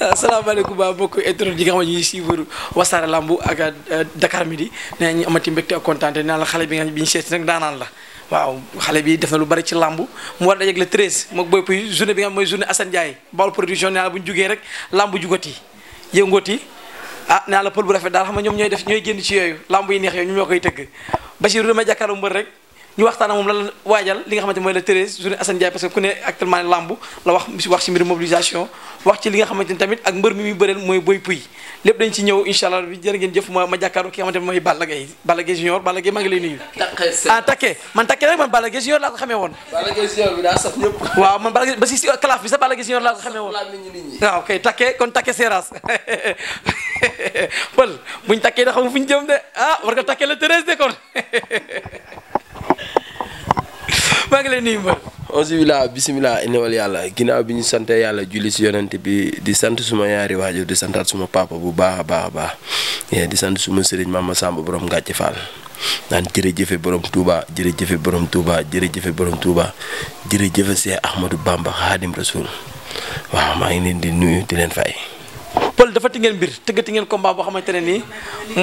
asalaamaaleykum ba mbokk internet yi nga xam ne ñuy suivre wasaare lambu ak euh, Dakar midi nee nañu amati mbégte ak kontaan te naa la xale bi nga bi ñu seet nag la waaw xale bi def na lu bari ci lambu mu war a dajeeg le 13 moog bopp yi journée bi nga xam mooy journée Assane Ndiaye Baol production nee bu ñu jugee rek lambu jugati yëngooti ah nee naa la pël bu rafet daal xam nga ñoom ñooy def ñooy génn ci yooyu lambu yi neex yooyu ñu ñoo koy tëgg Bachir dama jàkkaaru mbër rek. ñu waxtaan ak moom lan la waajal li nga xamante mooy le treize journée Assane Ndiaye parce que ku ne actuellement làmb la wax wax ci mbir mobilisation wax ci li nga xamante tamit ak mbër mi muy bëreel mooy Boy Pouye lépp dañ ci ñëw incha allah bi jërë ngeen jëf ma ma jàkkaarloo ki nga xamante mooy Balla Gaye Balla Gaye junior Balla Gaye maa ngi lay nuyu ah takke man takke rek man Balla Gaye junior laa ko xamee woon waaw man Balla ba si si bi sax Balla junior laa ko xamee ñu jëm de ah nga takke le treize de maa ngi lay nuyu mbër. bisimilah bisimilah inewal bi ñu sant yàlla julli si yonent bi di sant suma yaari waajur di santaat suma papa bu baax a baax a baax eh, di sant suma sëriñ Mama Samba borom Ngàcc Fall naan jërëjëfe borom Touba jërëjëfe borom Touba jërëjëfe borom Touba jërëjëfe Seex Ahmadou Bamba Xaadim Rasul waaw maa ngi leen di nuyu di leen fay. Paul dafa ti ngeen mbir tëggati ngeen combat boo xamante ne nii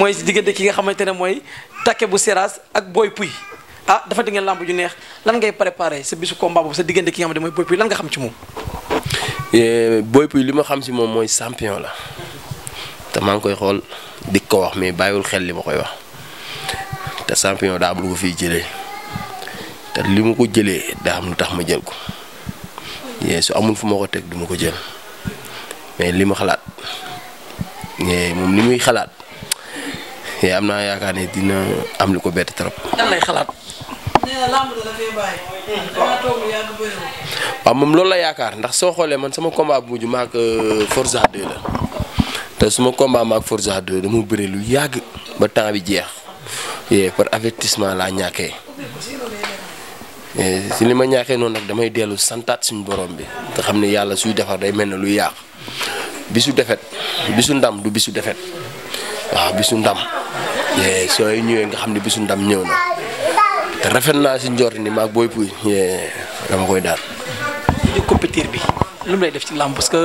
mooy si diggante ki nga xamante ne mooy Take bu seraas ak booy Pouy. ah dafa di ngeen làmb ju neex lan ngay préparé sa bisu combat sa diggante ki nga xam ne mooy Boy Pouye lan nga xam eh, Boy li ma xam si moom mooy champion la te maa ngi koy xool di ko wax mais bàyyiwul xel li ma koy wax te champion daa am lu ko fii jëlee te li ma ko jëlee daa am lu tax ma jël ko eh, su amul fu ma ko teg du ma ko jël mais li ma xalaat eh, moom li muy xalaat. Eh, am naa yaakaar ne dina am lu ko bett trop. lan xalaat. waaw moom loolu la yaakaar ndax soo xoolee man sama combat bu mujj maag euh, Forza 2 la te suma combat maag Forza 2 dama bëri lu yàgg ba temps bi jeex et eh, par avertissement laa ñàkkee eh, si li ma ñàkkee noonu nag damay dellu santaat suñu borom bi te xam ne yàlla suy defar day mel na luy yàq bisu defet bisu ndam du bisu defet waaw bisu ndam soo ñëwee nga xam ne bisu ndam ñëw na te rafet naa si njort ni maag booy puy dama koy daal. compétir bi lu mu lay def ci làmb parce que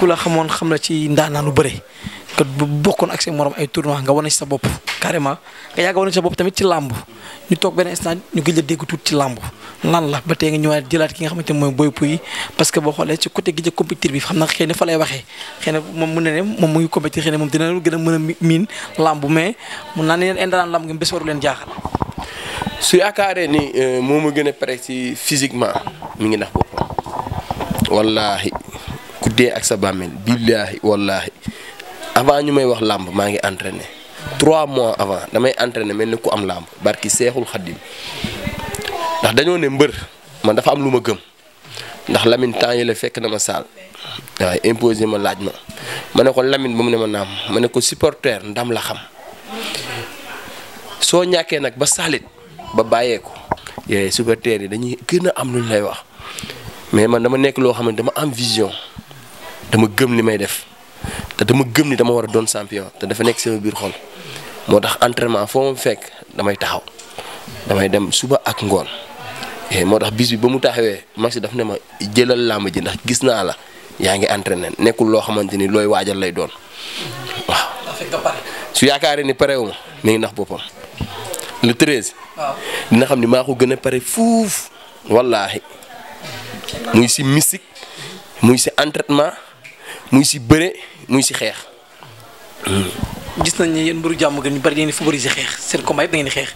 ku la xamoon xam na ci naa lu bëre. que bu bokkoon ak seen morom ay tournoi nga wane si sa bopp carrément nga yàgg wane si sa bopp tamit ci làmb ñu toog benn instant ñu gëj a dégg tuuti ci làmb lan la ba tey nga ñëwaat ki nga xamante a moom mën na moom mu ngi compétir xëy moom dina gën a mën a miin làmb mais mun naa ne leen indaan làmb ngeen bés waru jaaxal su yaakaaree ni euh, moo ma gën a pare si physiquement mi ngi nax boppam wallaahi ku ak sa bàmmeel billaahi wallaahi avant ñu may wax làmb maa ngi entraîné trois mois avant damay entraîné mel ni ku am làmb barki seexul xaddim ndax dañoo ne mbër man dafa am lu ma gëm ndax Lamine temps yi la fekk na ma saal waaye imposé ma laaj ma ma ne ko Lamine ba ne ma naam ma ne ko supporter ndam la xam soo ñàkkee nag ba saalit ba bàyyeeku yooyu supporter yi dañuy gën a am lu lay wax mais man dama nekk loo xam ne dama am vision dama gëm li may def. te dama gëm ni dama war a doon champion te dafa nekk sama biir xol moo tax entraînement foo ma fekk damay taxaw damay dem suba ak ngoon eh, moo tax bis bi ba mu taxawee Maxi daf ne ma jëlal làmb ji ndax gis naa la yaa ngi entraîné nekkul loo xamante ni looy waajal lay doon waaw. su yaakaaree ni parewu ma mi ngi nax boppam le treize. dina xam ni maa ko gën a pare fuuf wallaahi muy si mystique muy si entraînement. muy si bëre muy si xeex. gis nañ ne yéen mbëru jàmm gën ñu bari dañuy favoriser xeex seen combat yëpp di xeex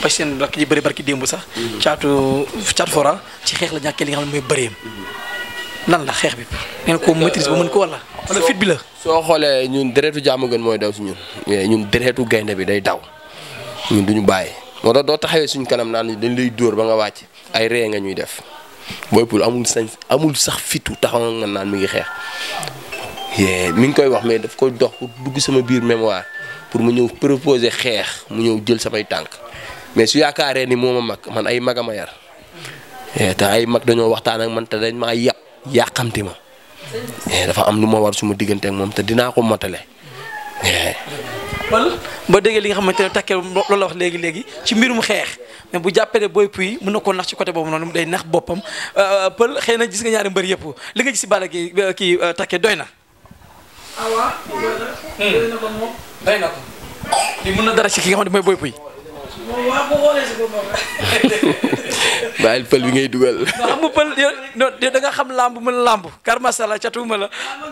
parce que seen rakk yi bëri barki démb sax. caatu caatu ci xeex la ñàkkee li nga xam ne mooy bëreem. lan la xeex bi ngeen ko maîtrise ba mën ko wala. wala bi la. soo xoolee ñun deretu jàmm gën mooy daw si ñun eh, ñun deretu gaynde bi day daw ñun duñu bàyyi moo tax doo taxawee suñ kanam naan dañ lay dóor ba nga wàcc ay ree nga ñuy def Boy Poul amul sañ amul sax fitu taxaw nga naan mi ngi xeex yee mi ngi koy wax mais daf koy dox pour dugg sama biir mémoire pour mu ñëw proposer xeex mu ñëw jël samay tànk mais su yaakaaree ni moom a mag man ay mag a ma yar eh, te ay mag dañoo waxtaan ak man te dañ ma yàpp yàqamti ma eh, dafa am lu ma war suma digganteek moom te dinaa ko motale. wala eh. boo déggee li nga xamante ne takkee loolu la wax léegi léegi ci mbirum xeex mais bu jàppee booy puy mun na koo nax ci côté boobu noonu day nax boppam euh, pël xëy na gis nga ñaari mbër yëpp li nga gis si kii euh, takkee doy na. awa. doy hmm. na mën na dara ci ki nga xam ne mooy Boy Pouye. moom waa bu xoolee si boppam rek. bàyyil pël bi ngay dugal. xam nga pël yow da nga xam làmb mën làmb kar masala catuma la. Ah,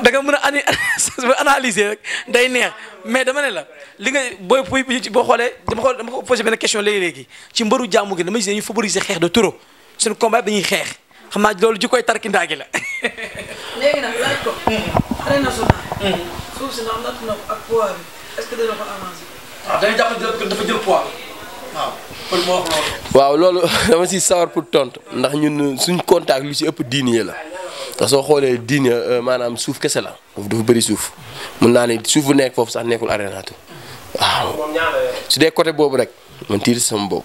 da nga mën a ani analyser rek day neex mais dama ne la li nga Boy Pouye bi boo xoolee dama ko dama ko posé benn question léegi-léegi ci mbaru jàmm gi dama gis ne ñu favoriser xeex de trop seen combat dañuy xeex. xam naa loolu jikkoy tarkindaa gi la. léegi nag laaj mm. mm. si ah, waaw loolu. dama siy sawar pour tontu ndax ñun suñ contact lu si ëpp diine la. te soo xoolee diine euh, maanaam suuf kese la du dafa bëri suuf mun naa ne suuf bu nekk foofu sax nekkul arénaatu waaw su dee côté boobu rek man tiir sama bopp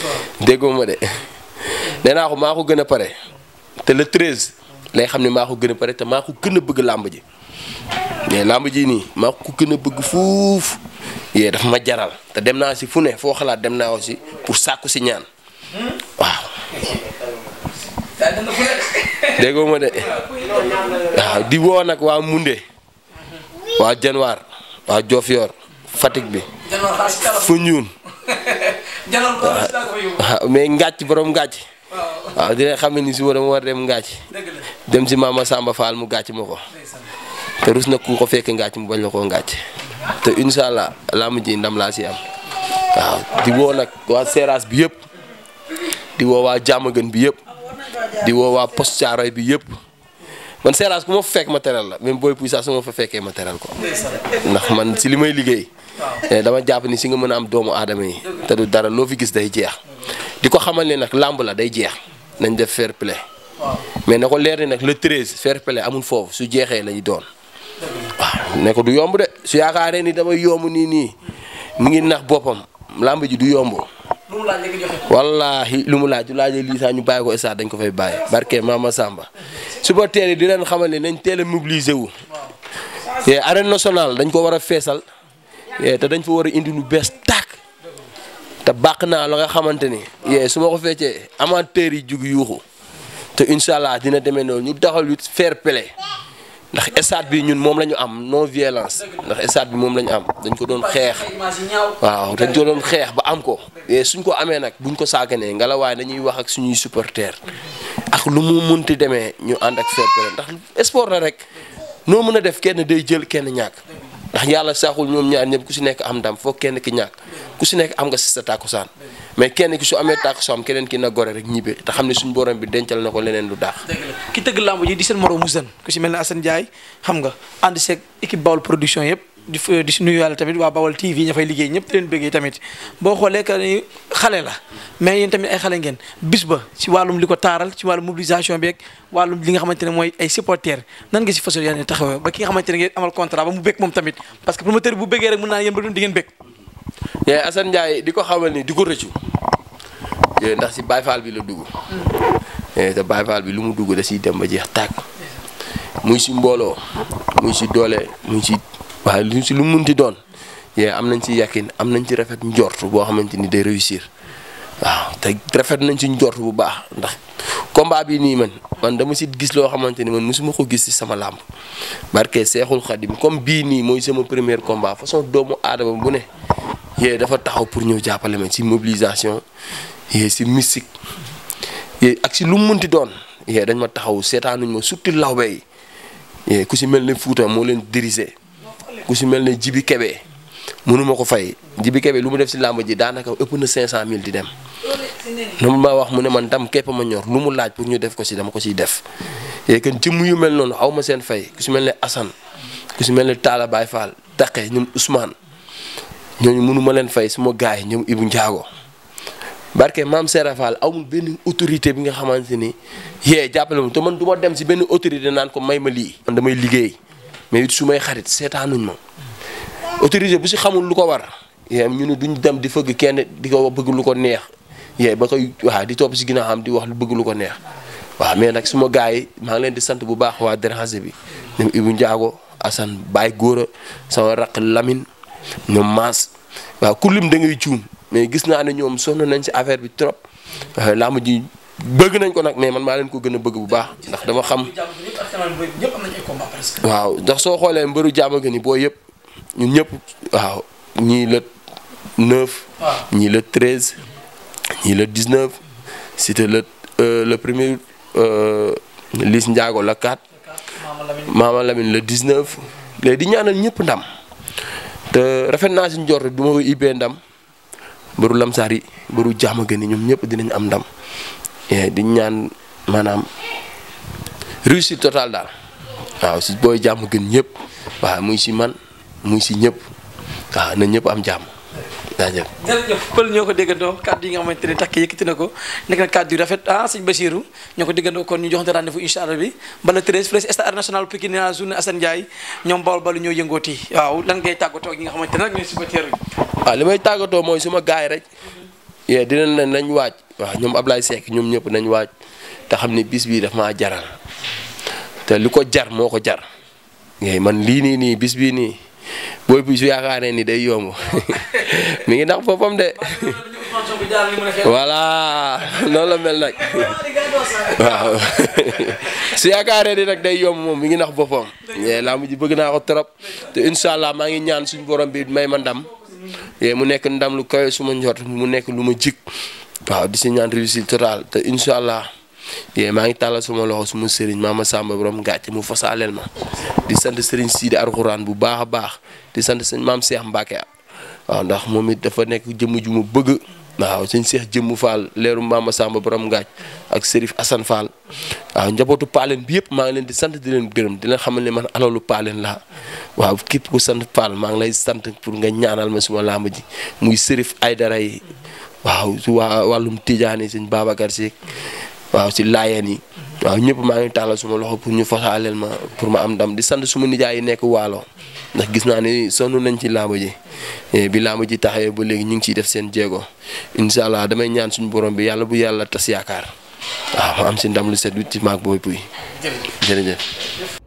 déggoo ma de nee naa ko maa ko gën a pare te le 13 lay xam ne maa ko gën a gën bëgg làmb ji mais làmb ji nii maa ko gën a bëgg fuuf yee dafa ma jaral te dem naa si fu ne foo xalaat dem naa aussi pour sàkku si ñaan waaw. déggoo ma de waaw di woo nag waa Moundé waa Janwaar waa Diofior Fatick bi. fu ñuun waaw mais ngàcc borom ngàcc. waaw dina xam ne ni suba dama war dem ngàcc dem si maama Samba Fall mu gàcc ma ko te rus na ku ko fekk ngàcc mu bañ la koo ngàcc te incha allah làmb ji ndam laa si am waaw di woo nag waa Seras bi yëpp di woo waa Diamaguène bi yëpp di woo waa Poste Thiaroye bi yëpp. man seeraas ku ma fa fekk matériel la même booy puissance su ma fa fekkee matériel ko ndax man si li may liggéey eh, dama jàpp ni si nga mën a am doomu aadama yi te du dara loo fi gis day jeex di ko xamal ne nag làmb la day jeex nañ def fair play mais na ko leer ni nag la 13 fair play amul foofu su jeexee lañu doon waaw ne ko du yomb de su yaakaaree ni damay yomb nii nii mu ngi nax boppam làmb ji du yomb wallaahi lu mu laaj laajee lii sax ñu bàyyi ko stade dañ ko fay bàyyi barke Mama Samba supporters yi di leen xamal ne nañ teel a mobiliser wu. te eh, nationale dañ ko war a feesal eh, te dañ fa war a indi lu bees tàkk te bàq naa la nga xamante ni eh, su ma ko feccee amateurs yi jug yuuxu te incha allah dina demee noonu ñu taxal lu fair play ndax stade bi ñun moom lañu am non violence ndax stade bi moom lañu am dañ ko doon xeex waaw dañ ko doon xeex ba am ko suñ ko amee nag buñ ko saaganee nga la waaye dañuy wax ak suñuy supporter ak lu mu munti demee ñu ànd ak fekk ndax sport la rek noo mën a def kenn day jël kenn ñàkk ndax yàlla saaxul ñoom ñaar ñëpp ku si nekk am ndam foo kenn ki ñàkk ku si nekk am nga si sa tàkkusaan mais kenn ki su amee tàkkusaan keneen ki na gore rek ñibbe te xam ne suñu booram bi dencal na ko leneen lu daax ki tëgg làmb ji di seen moromu seen ku si mel ne Assane Ndiaye xam nga ànd seeg équipe Baol production yëpp di di si nuyuwaale tamit waa Bawal TV ña fay liggéey ñëpp di leen bëggee tamit boo xoolee que ni xale la mais yéen tamit ay xale ngeen bis ba si wàllum li ko taaral ci wàllum mobilisation beeg wàllum li nga xamante ne mooy ay supporters nan nga si fasoo yéen tax ba ki nga xamante ne ngeen amal contrat ba mu bëgg moom tamit parce que promoteur bu bëggee rek mën naa yéen ba di ngeen bëgg. yee Assane Ndiaye di ko xamal ni di ko rëccu ndax si Baye Fall bi la dugg te bi lu mu dugg da siy dem ba jeex tàkk muy si mbooloo muy si doole muy si waa lu si lu ti doon yee am nañ ci yàqin am nañ ci rafet njort boo xamante ni day réussir waaw te rafet nañ ci njort bu baax ndax combat bii nii man man dama si gis loo xamante ni man mosuma ko gis si sama làmb barke Seexul Xadim comme bii nii mooy sama premier combat façon doomu aadama bu ne yee dafa taxaw pour ñëw jàppale ma si mobilisation si mystique yee si lu mu doon yee dañ ma taxaw seetaanuñ ma surtout lawbe yi ku si mel ni Fouta moo leen diriger. ku si mel ne Jibi Kebe mënuma ko fay Jibi Kebe lu mu def si làmb ji daanaka ëpp na 500000 di dem. loolu ma wax mu ne man dam képp ma ñor lu mu laaj pour ñu def ko si dama ko siy def. yéen kan jëmm yu mel noonu aw ma seen fay ku si mel ne Assane ku si mel ne Talla Baye Fall Taqe ñoom Ousmane ñooñu mënuma leen fay suma gaay ñoom Ibou Ndiago. barke maam Serap aw mu benn autorité bi nga xamante ni yee jàppale mu te man du ma dem si benn autorité naan ko may ma lii. man damay liggéey. mais it su may xarit seetaanuñ ma autorisé bu si xamul lu ko war yaay ñu ne duñ dem di fëgg kenn di ko bëgg lu ko neex yaay ba koy waaw di topp si ginaa am di wax lu bëgg lu ko neex waa mais nag suma gars yi maa ngi leen di sant bu baax waa Dérangé bi ñoom Ibou Ndiago Assane Baye Góora sama raq lamin ñoom Maas waa ku lim da ngay mais gis naa ne ñoom sonn nañ si affaire bi trop euh, làmb ji bëgg nañ ko nag mais man maa leen ko gën a bëgg bu baax ndax dama xam. waaw ndax soo xoolee mbëru jàmm gën yi boo yëpp ñun ñëpp waaw ñii le 9. ñii le 13. ñii le 19. c'était le euh, le premier euh, Liss Ndiago le 4. Maama Lamine le 19. léegi di ñaanal ñëpp ndam te rafet naa si njort du ma ko ibbee ndam mbëru lamsaar yi mbëru jàmm gën yi ñoom ñëpp dinañ am ndam. Eh, di ñaan maanaam réussite total daal waaw si booy jàmm gën ñëpp waaw muy si man muy si ñëpp waaw na ñëpp am jàmm. jaajëf jërëjëf pël ñoo ko déggandoo kàddu yi nga xamante ne takk yëkkati na ko nekk na kàddu yu rafet ah sëñ Bachirou ñoo ko déggandoo kon ñu joxante rendez bi bala national Pikine na journée Assane Ndiaye ñoom bawol balu ñoo yëngooti waaw lan ngay tàggatoo ak nga xamante ne nag ñooy suba teeru waaw li may tàggatoo mooy suma gaay rek yee dinañ leen nañ waaj waaw ñoom Ablaye Seck ñoom ñëpp nañ waaj te xam ne bis bii daf maa jaral te lu ko jar moo ko jar ngay man lii nii nii bis bii nii booy bu su yaakaaree ni day yomb mi ngi nax boppam de voilà noonu la mel nag waaw su yaakaaree ni day yomb moom mi ngi nax boppam. laa mujj bëgg naa ko trop te incha maa ngi ñaan suñu borom bi may ma ndam. Eh, mu nekk ndam lu kawe suma njort mu nekk lu ma jig waaw di si ñaan réussite totale te incha allah eh, maa ngi tàllal suma loxo suma sëriñ maama Samba borom gàcce mu fasaaleel ma di sant sëriñ Sidi Alxuraan bu baax a baax di sant sëñ maam Cheikh Mbacke waaw ndax moom it dafa nekk jëmm ju ma bëgg waaw sëñ seex jëmm Fall leeru Maama Samba borom gaaj ak Serif Assane Fall waaw njabootu Paalen bi yëpp maa ngi leen di sant di leen gërëm di leen xamal ne man alalu Paalen la waaw képp ku sant Paal maa ngi lay sant pour nga ñaanal ma suma làmb ji muy Serif dara yi waaw su waa wàllum Tidiane yi sëñ Babacar Seck waaw si Laayeen yi. waaw ñëpp maa ngi tàllal suma loxo pour ñu àlleel ma pour ma am ndam di sant suma nijaay yi nekk waalo ndax gis naa ni sonn nañ ci làmb ji eh, bi làmb ji taxawee ba léegi ñu ngi ciy def seen jéego incha allah damay ñaan suñu borom bi yàlla bu yàlla tas yaakaar waaw ma am si ndam lu set wicc maag booy puy jërëjëf